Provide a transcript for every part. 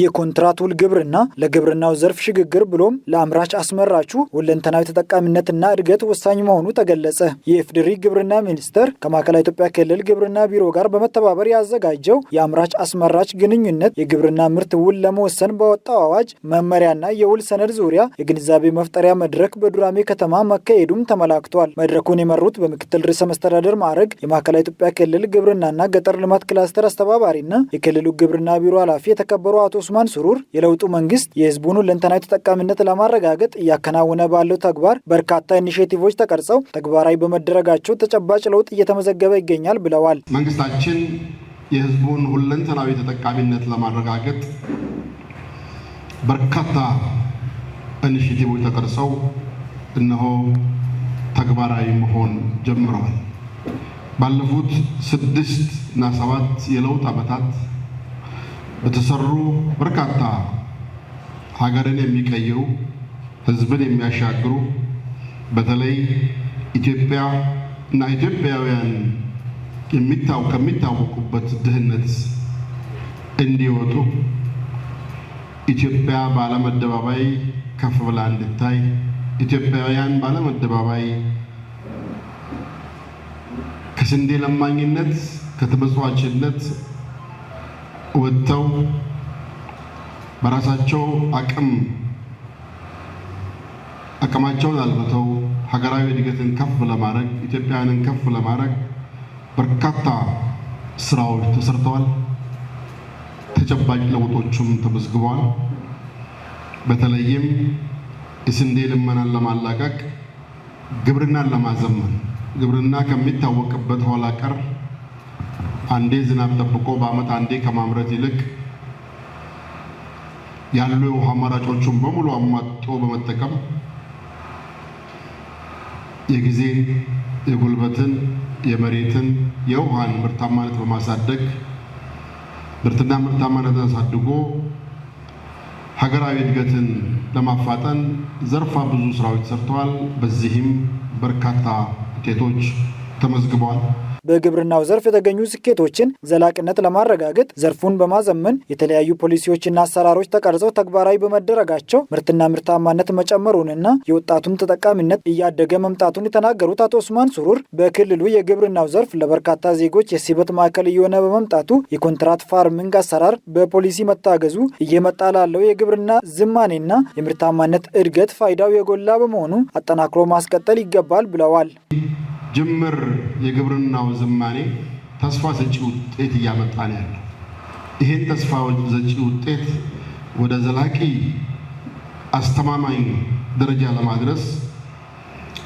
የኮንትራት ውል ግብርና ለግብርናው ዘርፍ ሽግግር ብሎም ለአምራች አስመራቹ ሁለንተናዊ ተጠቃሚነትና እድገት ወሳኝ መሆኑ ተገለጸ። የኢፌዴሪ ግብርና ሚኒስቴር ከማዕከላዊ ኢትዮጵያ ክልል ግብርና ቢሮ ጋር በመተባበር ያዘጋጀው የአምራች አስመራች ግንኙነት የግብርና ምርት ውል ለመወሰን በወጣው አዋጅ መመሪያና የውል ሰነድ ዙሪያ የግንዛቤ መፍጠሪያ መድረክ በዱራሜ ከተማ መካሄዱም ተመላክቷል። መድረኩን የመሩት በምክትል ርዕሰ መስተዳደር ማዕረግ የማዕከላዊ ኢትዮጵያ ክልል ግብርናና ገጠር ልማት ክላስተር አስተባባሪና የክልሉ ግብርና ቢሮ ኃላፊ የተከበሩ አቶ ኡስማን ሱሩር የለውጡ መንግስት የህዝቡን ሁለንተናዊ ተጠቃሚነት ለማረጋገጥ እያከናወነ ባለው ተግባር በርካታ ኢኒሽቲቮች ተቀርጸው ተግባራዊ በመደረጋቸው ተጨባጭ ለውጥ እየተመዘገበ ይገኛል ብለዋል። መንግስታችን የህዝቡን ሁለንተናዊ ተጠቃሚነት ለማረጋገጥ በርካታ ኢኒሽቲቮች ተቀርጸው እነሆ ተግባራዊ መሆን ጀምረዋል። ባለፉት ስድስት እና ሰባት የለውጥ ዓመታት በተሰሩ በርካታ ሀገርን የሚቀይሩ ህዝብን የሚያሻግሩ በተለይ ኢትዮጵያ እና ኢትዮጵያውያን ከሚታወቁበት ድህነት እንዲወጡ ኢትዮጵያ በዓለም አደባባይ ከፍ ብላ እንድታይ ኢትዮጵያውያን በዓለም አደባባይ ከስንዴ ለማኝነት ከተመጽዋችነት ወጥተው በራሳቸው አቅም አቅማቸውን አልብተው ሀገራዊ እድገትን ከፍ ለማድረግ ኢትዮጵያውያንን ከፍ ለማድረግ በርካታ ስራዎች ተሰርተዋል። ተጨባጭ ለውጦቹም ተመዝግበዋል። በተለይም የስንዴ ልመናን ለማላቀቅ ግብርናን ለማዘመን ግብርና ከሚታወቅበት ኋላ ቀር አንዴ ዝናብ ጠብቆ በዓመት አንዴ ከማምረት ይልቅ ያሉ የውሃ አማራጮቹን በሙሉ አሟጦ በመጠቀም የጊዜን፣ የጉልበትን፣ የመሬትን፣ የውሃን ምርታማነት በማሳደግ ምርትና ምርታማነትን አሳድጎ ሀገራዊ እድገትን ለማፋጠን ዘርፋ ብዙ ስራዎች ሰርተዋል። በዚህም በርካታ ውጤቶች ተመዝግበዋል። በግብርናው ዘርፍ የተገኙ ስኬቶችን ዘላቂነት ለማረጋገጥ ዘርፉን በማዘመን የተለያዩ ፖሊሲዎችና አሰራሮች ተቀርጸው ተግባራዊ በመደረጋቸው ምርትና ምርታማነት መጨመሩንና የወጣቱን ተጠቃሚነት እያደገ መምጣቱን የተናገሩት አቶ ኡስማን ሱሩር በክልሉ የግብርናው ዘርፍ ለበርካታ ዜጎች የስበት ማዕከል እየሆነ በመምጣቱ የኮንትራት ፋርሚንግ አሰራር በፖሊሲ መታገዙ እየመጣ ላለው የግብርና ዝማኔና የምርታማነት እድገት ፋይዳው የጎላ በመሆኑ አጠናክሮ ማስቀጠል ይገባል ብለዋል። ጅምር የግብርናው ዝማኔ ተስፋ ሰጪ ውጤት እያመጣ ነው ያለው። ይህን ተስፋ ሰጪ ውጤት ወደ ዘላቂ አስተማማኝ ደረጃ ለማድረስ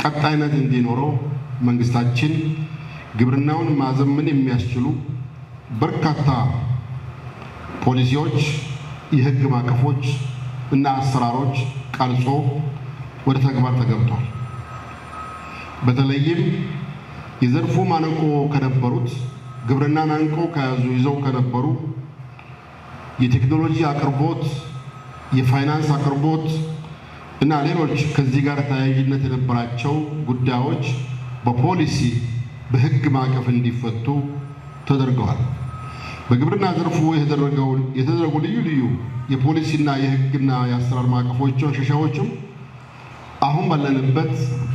ቀጣይነት እንዲኖረው መንግስታችን ግብርናውን ማዘመን የሚያስችሉ በርካታ ፖሊሲዎች፣ የህግ ማቀፎች እና አሰራሮች ቀርጾ ወደ ተግባር ተገብቷል። በተለይም የዘርፉ ማነቆ ከነበሩት ግብርናን አንቆ ከያዙ ይዘው ከነበሩ የቴክኖሎጂ አቅርቦት፣ የፋይናንስ አቅርቦት እና ሌሎች ከዚህ ጋር ተያያዥነት የነበራቸው ጉዳዮች በፖሊሲ በሕግ ማዕቀፍ እንዲፈቱ ተደርገዋል። በግብርና ዘርፉ የተደረጉ ልዩ ልዩ የፖሊሲና የሕግና የአሰራር ማዕቀፎች ሸሻዎችም አሁን ባለንበት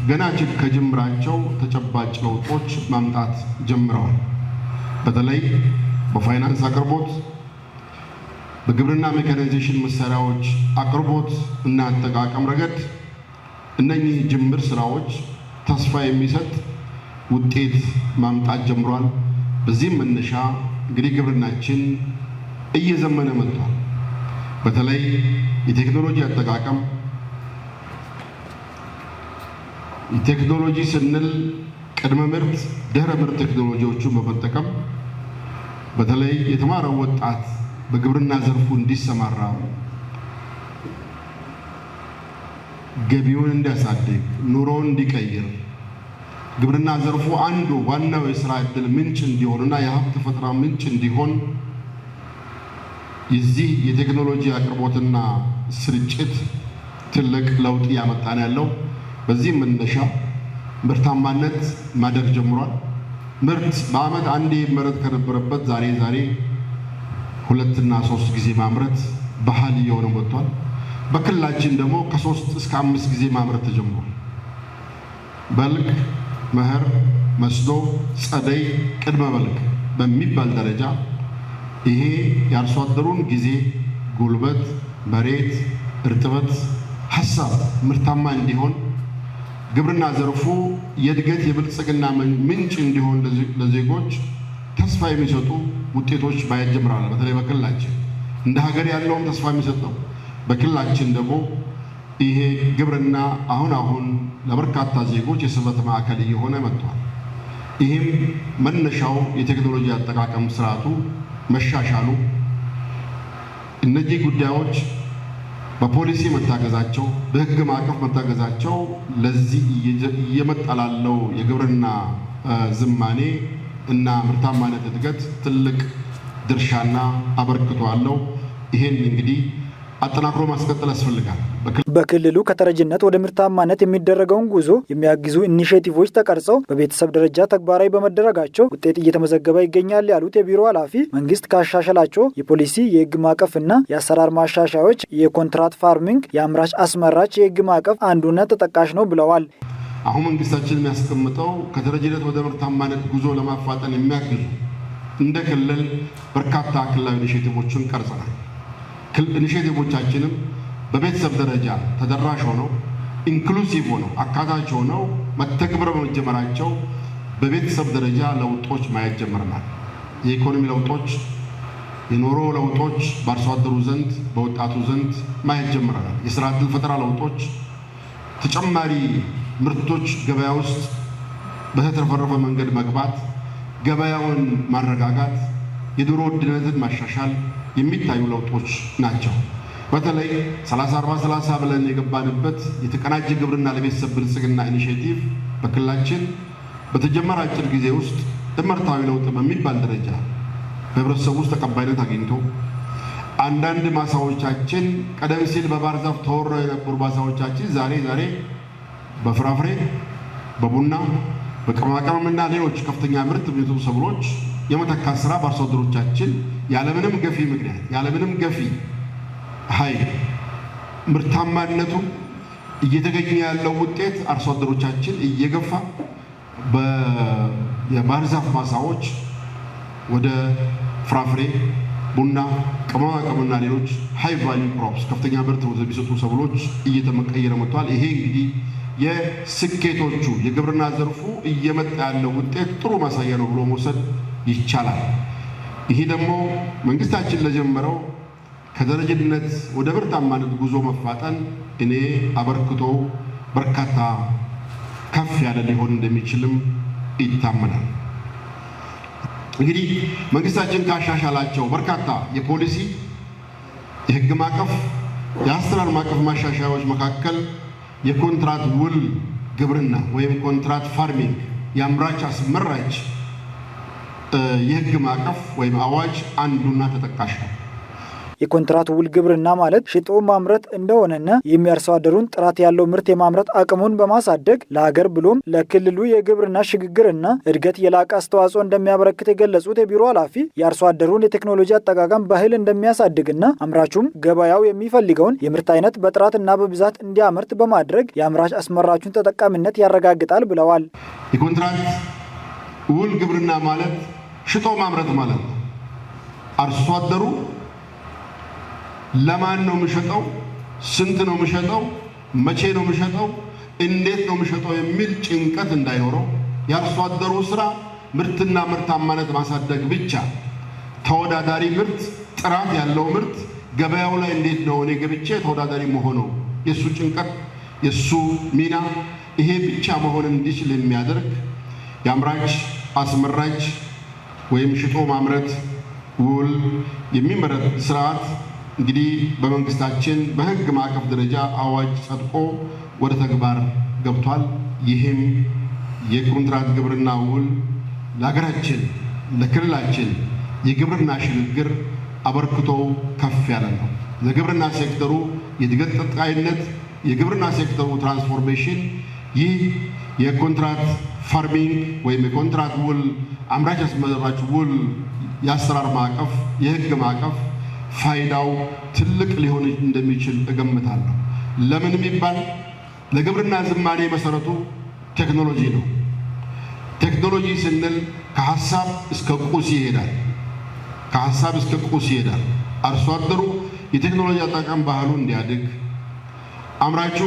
ገና እጅግ ከጅምራቸው ተጨባጭ ለውጦች ማምጣት ጀምረዋል። በተለይ በፋይናንስ አቅርቦት፣ በግብርና ሜካናይዜሽን መሳሪያዎች አቅርቦት እና አጠቃቀም ረገድ እነኚህ ጅምር ስራዎች ተስፋ የሚሰጥ ውጤት ማምጣት ጀምሯል። በዚህም መነሻ እንግዲህ ግብርናችን እየዘመነ መጥቷል። በተለይ የቴክኖሎጂ አጠቃቀም ቴክኖሎጂ ስንል ቅድመ ምርት፣ ድህረ ምርት ቴክኖሎጂዎቹን በመጠቀም በተለይ የተማረው ወጣት በግብርና ዘርፉ እንዲሰማራ ገቢውን እንዲያሳድግ፣ ኑሮውን እንዲቀይር ግብርና ዘርፉ አንዱ ዋናው የስራ እድል ምንጭ እንዲሆንና የሀብት ፈጠራ ምንጭ እንዲሆን የዚህ የቴክኖሎጂ አቅርቦትና ስርጭት ትልቅ ለውጥ እያመጣን ያለው በዚህም መነሻ ምርታማነት ማደግ ጀምሯል። ምርት በዓመት አንዴ መረት ከነበረበት ዛሬ ዛሬ ሁለትና ሶስት ጊዜ ማምረት ባህል እየሆነ መጥቷል። በክልላችን ደግሞ ከሶስት እስከ አምስት ጊዜ ማምረት ተጀምሯል። በልግ፣ መኸር፣ መስኖ፣ ጸደይ፣ ቅድመ በልግ በሚባል ደረጃ ይሄ የአርሶ አደሩን ጊዜ፣ ጉልበት፣ መሬት፣ እርጥበት ሀሳብ ምርታማ እንዲሆን ግብርና ዘርፉ የእድገት የብልጽግና ምንጭ እንዲሆን ለዜጎች ተስፋ የሚሰጡ ውጤቶች ማየት ጀምረናል። በተለይ በክልላችን እንደ ሀገር ያለውም ተስፋ የሚሰጥ ነው። በክልላችን ደግሞ ይሄ ግብርና አሁን አሁን ለበርካታ ዜጎች የስበት ማዕከል እየሆነ መጥቷል። ይህም መነሻው የቴክኖሎጂ አጠቃቀም ስርዓቱ መሻሻሉ እነዚህ ጉዳዮች በፖሊሲ መታገዛቸው፣ በህግ ማዕቀፍ መታገዛቸው ለዚህ እየመጣ ላለው የግብርና ዝማኔ እና ምርታማነት እድገት ትልቅ ድርሻና አበርክቶ አለው። ይሄን እንግዲህ አጠናክሮ ማስቀጠል ያስፈልጋል። በክልሉ ከተረጅነት ወደ ምርታማነት የሚደረገውን ጉዞ የሚያግዙ ኢኒሼቲቮች ተቀርጸው በቤተሰብ ደረጃ ተግባራዊ በመደረጋቸው ውጤት እየተመዘገበ ይገኛል ያሉት የቢሮ ኃላፊ መንግስት ካሻሸላቸው የፖሊሲ የህግ ማዕቀፍና የአሰራር ማሻሻያዎች የኮንትራት ፋርሚንግ የአምራች አስመራች የህግ ማዕቀፍ አንዱና ተጠቃሽ ነው ብለዋል። አሁን መንግስታችን የሚያስቀምጠው ከተረጅነት ወደ ምርታማነት ጉዞ ለማፋጠን የሚያግዙ እንደ ክልል በርካታ ክልላዊ ኢኒሽቲቮችን ቀርጸናል። ኢኒሼቲቮቻችንም በቤተሰብ ደረጃ ተደራሽ ሆነው ኢንክሉሲቭ ሆነው አካታች ሆነው መተግበር በመጀመራቸው በቤተሰብ ደረጃ ለውጦች ማየት ጀምረናል። የኢኮኖሚ ለውጦች፣ የኑሮ ለውጦች በአርሶ አደሩ ዘንድ በወጣቱ ዘንድ ማየት ጀምረናል። የስራ ዕድል ፈጠራ ለውጦች፣ ተጨማሪ ምርቶች ገበያ ውስጥ በተትረፈረፈ መንገድ መግባት፣ ገበያውን ማረጋጋት የኑሮ ውድነትን ማሻሻል የሚታዩ ለውጦች ናቸው። በተለይ 3430 ብለን የገባንበት የተቀናጀ ግብርና ለቤተሰብ ብልጽግና ኢኒሽቲቭ በክልላችን በተጀመረ አጭር ጊዜ ውስጥ ትምህርታዊ ለውጥ በሚባል ደረጃ በህብረተሰቡ ውስጥ ተቀባይነት አግኝቶ አንዳንድ ማሳዎቻችን ቀደም ሲል በባህር ዛፍ ተወረው የነበሩ ማሳዎቻችን ዛሬ ዛሬ በፍራፍሬ፣ በቡና፣ በቅመማ ቅመምና ሌሎች ከፍተኛ ምርት ሰብሎች የመተካ ስራ በአርሶ አደሮቻችን ያለምንም ገፊ ምክንያት ያለምንም ገፊ ኃይል ምርታማነቱ እየተገኘ ያለው ውጤት አርሶ አደሮቻችን እየገፋ የባህር ዛፍ ማሳዎች ወደ ፍራፍሬ፣ ቡና፣ ቅመማ ቅመምና ሌሎች ሃይ ቫሊ ክሮፕስ ከፍተኛ ምርት የሚሰጡ ሰብሎች እየተመቀየረ መጥቷል። ይሄ እንግዲህ የስኬቶቹ የግብርና ዘርፉ እየመጣ ያለው ውጤት ጥሩ ማሳያ ነው ብሎ መውሰድ ይቻላል። ይህ ደግሞ መንግስታችን ለጀመረው ከደረጃነት ወደ ብርታማነት ጉዞ መፋጠን እኔ አበርክቶ በርካታ ከፍ ያለ ሊሆን እንደሚችልም ይታመናል። እንግዲህ መንግስታችን ካሻሻላቸው በርካታ የፖሊሲ የህግ ማዕቀፍ፣ የአሰራር ማዕቀፍ ማሻሻያዎች መካከል የኮንትራት ውል ግብርና ወይም ኮንትራት ፋርሚንግ የአምራች አስመራች የህግ ማዕቀፍ ወይም አዋጅ አንዱና ተጠቃሽ ነው። የኮንትራት ውል ግብርና ማለት ሽጦ ማምረት እንደሆነና የሚያርሶ አደሩን ጥራት ያለው ምርት የማምረት አቅሙን በማሳደግ ለሀገር ብሎም ለክልሉ የግብርና ሽግግርና እድገት የላቀ አስተዋጽኦ እንደሚያበረክት የገለጹት የቢሮ ኃላፊ የአርሶ አደሩን የቴክኖሎጂ አጠቃቀም ባህል እንደሚያሳድግና አምራቹም ገበያው የሚፈልገውን የምርት አይነት በጥራትና በብዛት እንዲያመርት በማድረግ የአምራች አስመራቹን ተጠቃሚነት ያረጋግጣል ብለዋል። የኮንትራት ውል ግብርና ማለት ሽጦ ማምረት ማለት ነው። አርሶ አደሩ ለማን ነው የምሸጠው፣ ስንት ነው የምሸጠው፣ መቼ ነው የምሸጠው፣ እንዴት ነው የምሸጠው የሚል ጭንቀት እንዳይኖረው የአርሶ አደሩ ስራ ምርትና ምርታማነት ማሳደግ ብቻ፣ ተወዳዳሪ ምርት፣ ጥራት ያለው ምርት ገበያው ላይ እንዴት ነው እኔ ገብቼ ተወዳዳሪ መሆነው የእሱ ጭንቀት የእሱ ሚና ይሄ ብቻ መሆን እንዲችል የሚያደርግ የአምራች አስመራች ወይም ሽጦ ማምረት ውል የሚመረት ስርዓት እንግዲህ በመንግስታችን በህግ ማዕቀፍ ደረጃ አዋጅ ጸድቆ ወደ ተግባር ገብቷል። ይህም የኮንትራት ግብርና ውል ለሀገራችን ለክልላችን የግብርና ሽግግር አበርክቶ ከፍ ያለ ነው። ለግብርና ሴክተሩ የእድገት ቀጣይነት፣ የግብርና ሴክተሩ ትራንስፎርሜሽን ይህ የኮንትራት ፋርሚንግ ወይም የኮንትራት ውል አምራች አስመራች ውል የአሰራር ማዕቀፍ፣ የህግ ማዕቀፍ ፋይዳው ትልቅ ሊሆን እንደሚችል እገምታለሁ። ለምን የሚባል ለግብርና ዝማኔ መሰረቱ ቴክኖሎጂ ነው። ቴክኖሎጂ ስንል ከሀሳብ እስከ ቁስ ይሄዳል። ከሀሳብ እስከ ቁስ ይሄዳል። አርሶ አደሩ የቴክኖሎጂ አጠቃቀም ባህሉ እንዲያድግ አምራቹ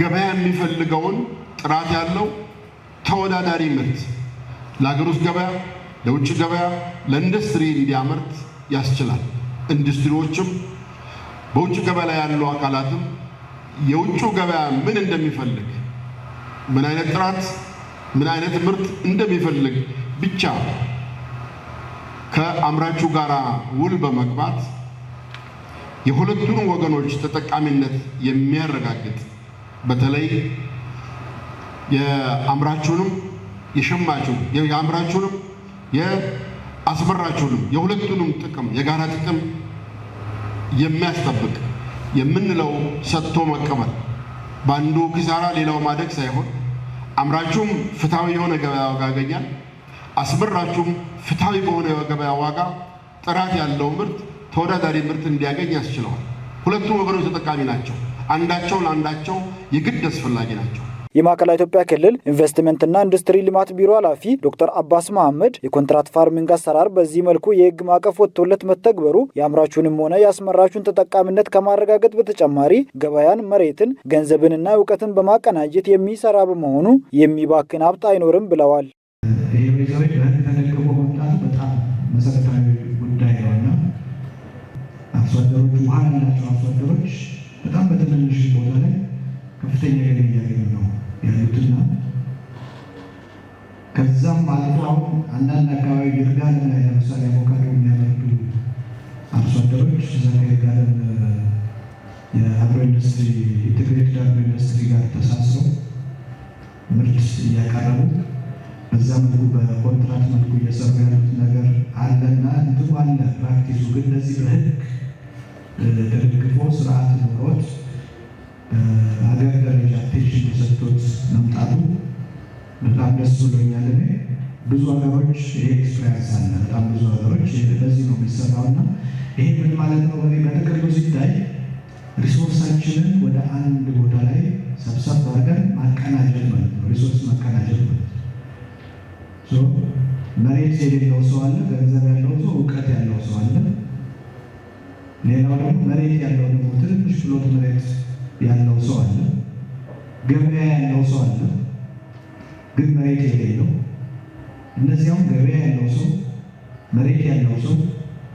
ገበያ የሚፈልገውን ጥራት ያለው ተወዳዳሪ ምርት ለሀገር ውስጥ ገበያ፣ ለውጭ ገበያ፣ ለኢንዱስትሪ እንዲያመርት ያስችላል። ኢንዱስትሪዎችም በውጭ ገበያ ላይ ያሉ አካላትም የውጭ ገበያ ምን እንደሚፈልግ ምን አይነት ጥራት ምን አይነት ምርት እንደሚፈልግ ብቻ ከአምራቹ ጋር ውል በመግባት የሁለቱን ወገኖች ተጠቃሚነት የሚያረጋግጥ በተለይ የአምራችሁንም የሸማችሁ የአምራችሁንም የአስመራችሁንም የሁለቱንም ጥቅም የጋራ ጥቅም የሚያስጠብቅ የምንለው ሰጥቶ መቀበል በአንዱ ኪሳራ ሌላው ማደግ ሳይሆን አምራችሁም ፍትሐዊ የሆነ ገበያ ዋጋ ያገኛል። አስመራችሁም ፍትሐዊ በሆነ ገበያ ዋጋ ጥራት ያለው ምርት ተወዳዳሪ ምርት እንዲያገኝ ያስችለዋል። ሁለቱም ወገኖች ተጠቃሚ ናቸው። አንዳቸው ለአንዳቸው የግድ አስፈላጊ ናቸው። የማዕከላዊ ኢትዮጵያ ክልል ኢንቨስትመንትና ኢንዱስትሪ ልማት ቢሮ ኃላፊ ዶክተር አባስ መሐመድ የኮንትራት ፋርሚንግ አሰራር በዚህ መልኩ የህግ ማዕቀፍ ወጥቶለት መተግበሩ የአምራቹንም ሆነ የአስመራቹን ተጠቃሚነት ከማረጋገጥ በተጨማሪ ገበያን፣ መሬትን፣ ገንዘብንና እውቀትን በማቀናጀት የሚሰራ በመሆኑ የሚባክን ሀብት አይኖርም ብለዋል። አርሶ አደሮች ውሃ ያላቸው አርሶ አደሮች በጣም በትንንሽ ቦታ ላይ ከፍተኛ ኃይል እያገኙ ነው ያሉትና ከዛም አልፎ አሁን አንዳንድ አካባቢ ይርጋለም ላይ ለምሳሌ አቮካዶ የሚያመርቱ አርሶ አደሮች እዛ ከይርጋለም የአግሮ ኢንዱስትሪ ኢንቴግሬትድ አግሮ ኢንዱስትሪ ጋር ተሳስረው ምርት እያቀረቡ በዛ መልኩ በኮንትራት መልኩ እየሰሩ ያሉት ነገር አለና እንትኑ አለ ፕራክቲሱ ግን እነዚህ በህግ ደግፎ ስርዓት ኖሮት በሀገር ደረጃ ቴሽን የሰጡት መምጣቱ በጣም ደስ ብሎኛል። እኔ ብዙ ሀገሮች ይሄ ኤክስፔሪንስ አለ። በጣም ብዙ ሀገሮች በዚህ ነው የሚሰራው እና ይሄ ምን ማለት ነው? በእኔ በጥቅሉ ሲታይ ሪሶርሳችንን ወደ አንድ ቦታ ላይ ሰብሰብ አድርገን ማቀናጀት ማለት ነው። ሪሶርስ ማቀናጀት ማለት ነው። መሬት የሌለው ሰው አለ፣ ገንዘብ ያለው ሰው፣ እውቀት ያለው ሰው አለ። ሌላው ደግሞ መሬት ያለው ደግሞ ትንሽ ፍሎት መሬት ያለው ሰው አለ፣ ገበያ ያለው ሰው አለ፣ ግን መሬት የሌለው። እነዚያውም ገበያ ያለው ሰው፣ መሬት ያለው ሰው፣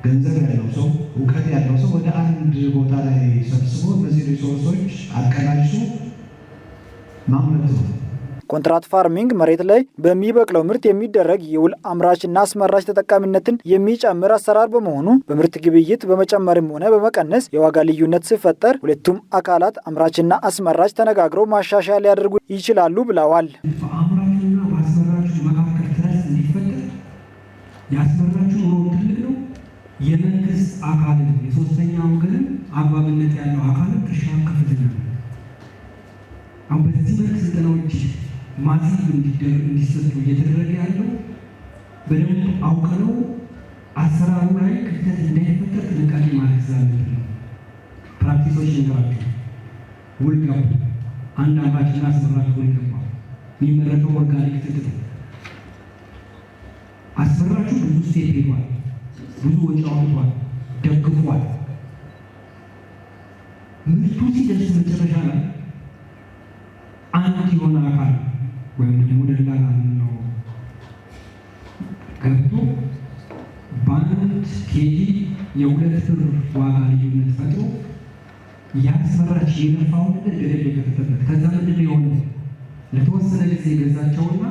ገንዘብ ያለው ሰው፣ እውቀት ያለው ሰው ወደ አንድ ቦታ ላይ ሰብስቦ እነዚህ ሪሶርሶች አቀናጅቶ ማምረት ነው። ኮንትራት ፋርሚንግ መሬት ላይ በሚበቅለው ምርት የሚደረግ የውል አምራችና አስመራች ተጠቃሚነትን የሚጨምር አሰራር በመሆኑ በምርት ግብይት በመጨመርም ሆነ በመቀነስ የዋጋ ልዩነት ሲፈጠር ሁለቱም አካላት አምራችና አስመራች ተነጋግረው ማሻሻያ ሊያደርጉ ይችላሉ ብለዋል። በአምራችና ኑሮ ትልቅ ነው። የመንግስት አካል የሶስተኛ ወገንም አግባብነት ያለው አካል ድርሻ ከፍተኛ ነው። አሁን በዚህ መልክ ስልጠናዎች ማክሲም እንዲሰጡ እየተደረገ ያለው በደንብ አውቀነው አሰራሩ ላይ ክፍተት እንዳይፈጠር ጥንቃቄ ማድረግ ነው። ፕራክቲሶች ነገራቸው ውል ገቡ። አንድ አምራችና አስመራጭ ውል ገባ። የሚመረተው ኦርጋኒክ ጥጥ ነው። አስመራቹ ብዙ ስቴፕ ሄዷል፣ ብዙ ወጪ አውጥቷል፣ ደግፏል። ምርቱ ሲደርስ መጨረሻ ላይ አንድ የሆነ አካል የሁለት ብር ዋጋ ልዩነት ፈጥሮ ያሰራች የነፋው ነገር ገደል የከፈተበት ከዛ ምንድን የሆነ ለተወሰነ ጊዜ የገዛቸውና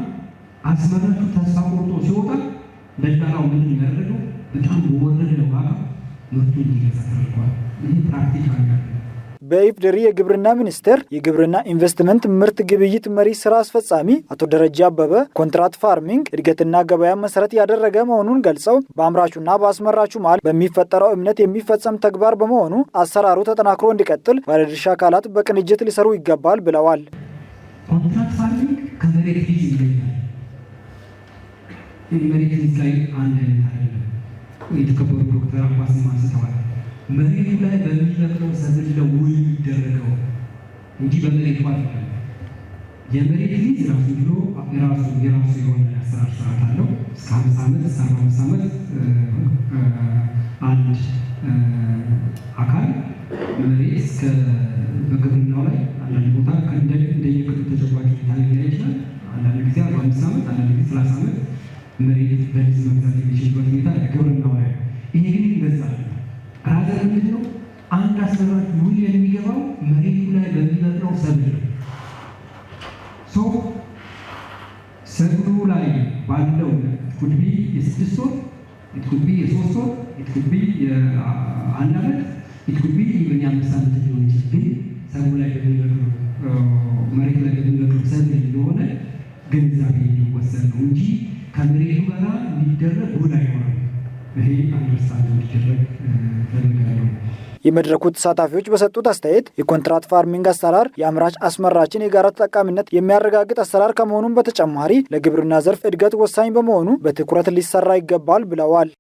አስመረቱ ተስፋ ቆርጦ ሲወጣ ደላላው ምንም ያደረገው በጣም ወረደ ዋጋ ምርቱ እንዲገዛ ተደርጓል። ይህ ፕራክቲካል በኢፌዴሪ የግብርና ሚኒስቴር የግብርና ኢንቨስትመንት ምርት ግብይት መሪ ስራ አስፈጻሚ አቶ ደረጃ አበበ ኮንትራት ፋርሚንግ እድገትና ገበያ መሰረት ያደረገ መሆኑን ገልጸው በአምራቹና በአስመራቹ መሃል በሚፈጠረው እምነት የሚፈጸም ተግባር በመሆኑ አሰራሩ ተጠናክሮ እንዲቀጥል ባለድርሻ አካላት በቅንጅት ሊሰሩ ይገባል ብለዋል። ኮንትራት ፋርሚንግ ከመሬት ሊዝ ይገኛል። መሬት ሊዝ ላይ አንድ አይነት አይደለም። የተከበሩ ዶክተር አባስ ማስተዋል መሬቱ ላይ በሚበቅለው ሰብል ነው ውል የሚደረገው እንጂ በመሬት ባት የመሬት ሊዝ ራሱ ብሎ የራሱ የራሱ የሆነ አሰራር ስርዓት አለው። እስከ አምስት ዓመት እስከ አርባ አምስት ዓመት አንድ አካል መሬት እስከ በግብርናው ላይ አንዳንድ ቦታ እንደየክል ተጨባጭ ሁኔታ ሊለያይ ይችላል። አንዳንድ ጊዜ አርባ አምስት ዓመት አንዳንድ ጊዜ ሰላሳ ዓመት መሬት በሊዝ መግዛት የሚችልበት ሁኔታ ግብርናው ላይ ይሄ ግን ይገዛል ሀገር ምንድን ነው? አንድ አሰራር ውል የሚገባው መሬቱ ላይ በሚመጣው ሰብል ነው። ሰው ሰብሉ ላይ ባለው ኩድቢ የስድስት ወር ኢትኩቢ የሶስት ወር ኢትኩቢ የአንድ ዓመት ኢትኩቢ ይበኛ አምስት ዓመት ሊሆን ይችላል። ግን ሰብሉ ላይ በሚበቅለው መሬት ላይ በሚበቅለው ሰብል እንደሆነ ግንዛቤ ሊወሰድ ነው እንጂ ከመሬቱ ጋር የሚደረግ ውል አይሆንም። ይሄ አንደርስታንድ እንዲደረግ ፈልጋለሁ። የመድረኩ ተሳታፊዎች በሰጡት አስተያየት የኮንትራት ፋርሚንግ አሰራር የአምራች አስመራችን የጋራ ተጠቃሚነት የሚያረጋግጥ አሰራር ከመሆኑም በተጨማሪ ለግብርና ዘርፍ እድገት ወሳኝ በመሆኑ በትኩረት ሊሰራ ይገባል ብለዋል።